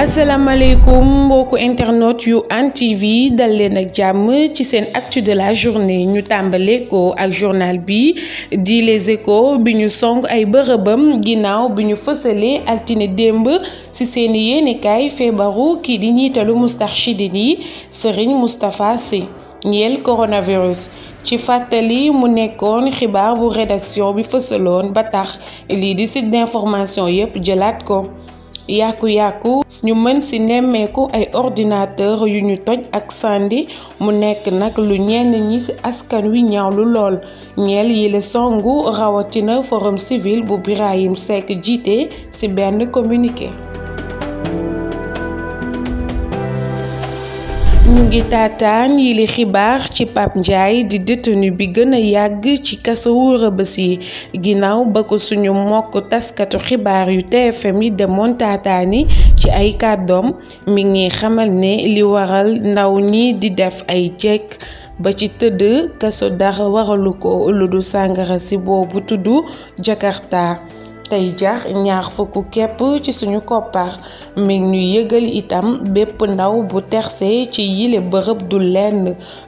Assalamu beaucoup internet yu TV dans ak jam ci actu de la journée ñu tambalé ko journal bi di Les Échos bi ñu song ay bërebam ginaaw bi ñu altine Demb, ci Nekai ki di ñitalu Serigne coronavirus ci fatali mu le xibaar bu rédaction bi ba d'information yépp yàqu-yàqu ñu mën ci nemmeeku ay ordinateur yu ñu toj ak sàndi mu nekk nag lu ñenn ñi ci askan wi ñaw lu lool ñel yi la songu rawatina forum civil bu Birahim Seck jiite ci benn communiqué ñu ngi taataan yi li xibaar ci Pape njaay di détenu bi gëna yàgg ci kasowu Rebeuss yi ginnaaw ba ko suñu mokk taskatu xibaar yu TFM yi demoon taataani ci ay kàddoom mi ngi xamal ne li waral ndaw ñi di def ay jekk ba ci tëdd kaso dara waralu ko lu du sàngara si boobu tudd Jakarta tey jaax ñaar fukk képp ci suñu koppar mi ñu yëgal itam bépp ndaw bu terse ci yile bërëb du lenn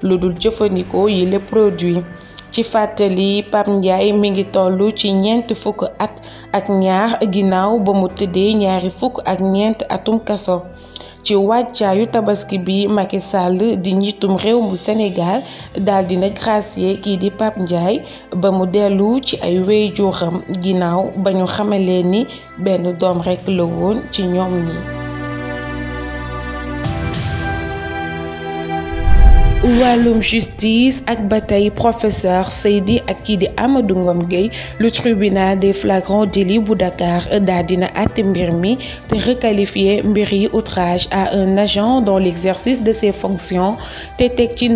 lu dul jëfandikoo yile produit ci fàttali Pape Ndiaye mi ngi tollu ci ñeent fukk at ak ñaar ginnaaw ba mu tëddee ñaari fukk ak ñeent atum kaso ci wàccaayu tabaski bi Macky Sall di njiitum réew mu senegaal daldi dina gracier kii di Pape njaay ba mu dellu ci ay wéyjuuram ginnaaw ba ñu xamalee ni benn doom rekk la woon ci ñoom ñi Walum justice ak Bataille professeur Seydi ak kii di Amadou Ngom le tribunal des flagrants délits bu Dakar d'Adina dina àtte mbir requalifier mbir outrage à un agent dans l'exercice de ses fonctions te teg ci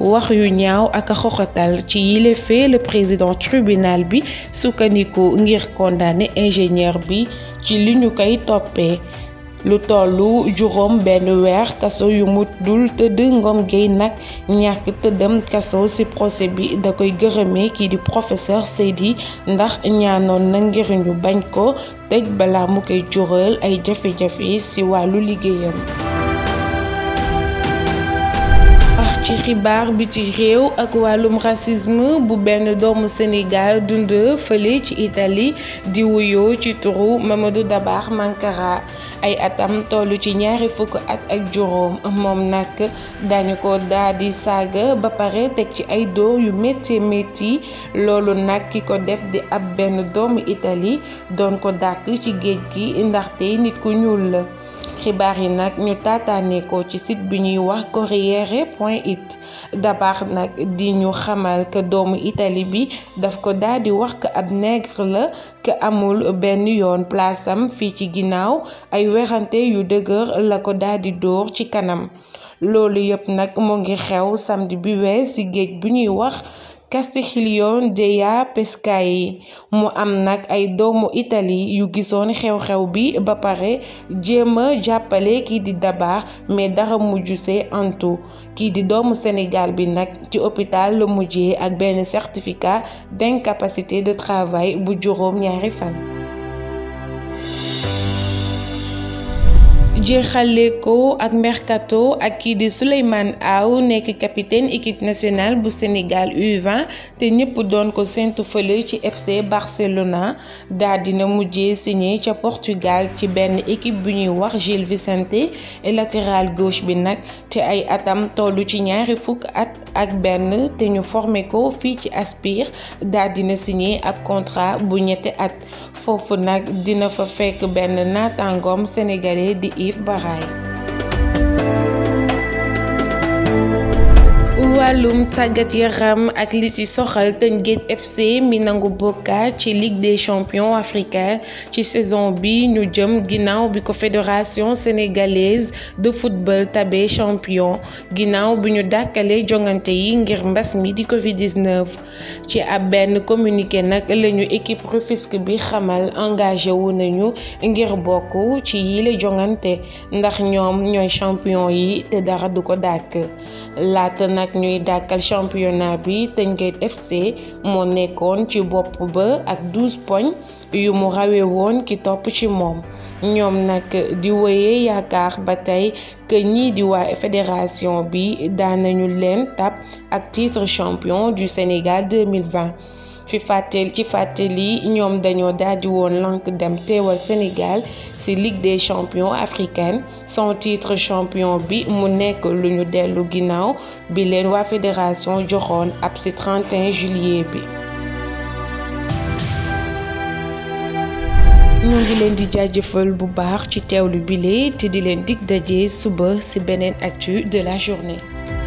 wax yu ñaaw ak xoxatal ci yile le président tribunal bi sukkandiku ngir condamner ingénieur bi ci liñu kay topé lu tollu juróom benn weer kaso yu mu dul tëdd ngoom Gueye nag ñàkk tëddam kaso ci procès bi da koy gërëmee kii di professeur yi ndax ñaanoon na ngir ñu bañ ko tëj bala mu koy jural ay jafe-jafe ci wàllu liggéeyam ci xibaar bi ci réew ak wàllum racisme bu benn doomu Sénégal dund fële ci itali di wuyoo ci turu Mamadou Dabax Mankara ay atam toll ci ñaari fukk at ak juróom moom nag dañu ko daa di saaga ba pare teg ci ay dóor yu métti métti loolu nag ki ko def di ab benn doomu itali doon ko dàkk ci géej gi ndaxte nit ku ñuul la xibaar yi nag ñu taataane ko ci site bi ñuy wax Corriere point it dabar nag di ñu xamal que doomu itali bi daf ko daldi wax que ab nègre la que amul benn yoon palaasam fii ci ginnaaw ay werante yu dëgër la ko daldi di dóor ci kanam loolu yépp nag mu ngi xew samedi bi wees ci géej bi ñuy wax Castiglione Deya Pescara Mo am nak ay doomu Italie yu gisoon xew-xew bi ba pare di Dabar, mais dara mujj antu ki di doomu Sénégal bi Ti ci hôpital la mujjee ak certificat d'incapacité de travail bu juróom ñaari jeexale ko ak mercato ak kii di Aw capitaine équipe nationale bu Sénégal U20 te ñepp doon ko séntu ci FC Barcelona daal dina mujjé signé ci Portugal ci benn équipe bu ñuy wax Gil Vicente latéral gauche bi nak te ay atam tollu ci ñaari fuk at ak benn te ñu formé ko fi ci Aspire daal dina signé ab contrat bu ñetti at fofu nak dina fa fekk benn natangom sénégalais di Лев Барай. wàllum tàggat yaram ak li ci soxal Teungueth FC mi nangu bokka ci Ligue de champions africains ci saison bi ñu jëm ginnaaw bi ko fédération sénégalaise de football tabé champion ginnaaw bi ñu dàkkalee jongante yi ngir mbas mi di Covid-19 ci ab benn communiqué nag lañu équipe Rufisque bi xamal engagé wu nañu ngir bokk ci yile jongante ndax ñoom ñooy champion yi te dara du ko dàkk laata nag ñu ñuy dàkkal championnat bi Teungueth FC moo nekkoon ci bopp ba ak 12 poñ yu mu rawee woon ki topp ci moom ñoom nag di woye yaakaar ba tey kë ñii di waa fédération bi daanañu leen tab ak titre champion du Sénégal 2020 ci fàtteel ci fàttali ñoom dañoo daldi woon lank dem teewal Sénégal ci Ligue des champions africaine son titre champion bi mu nekk lu ñu dellu ginnaaw bi leen waa fédération joxoon ab ci 31 juillet bi. ñu ngi leen di jaajëfal bu baax ci teewlu bile te di leen dig daje suba ci beneen actu de la journée.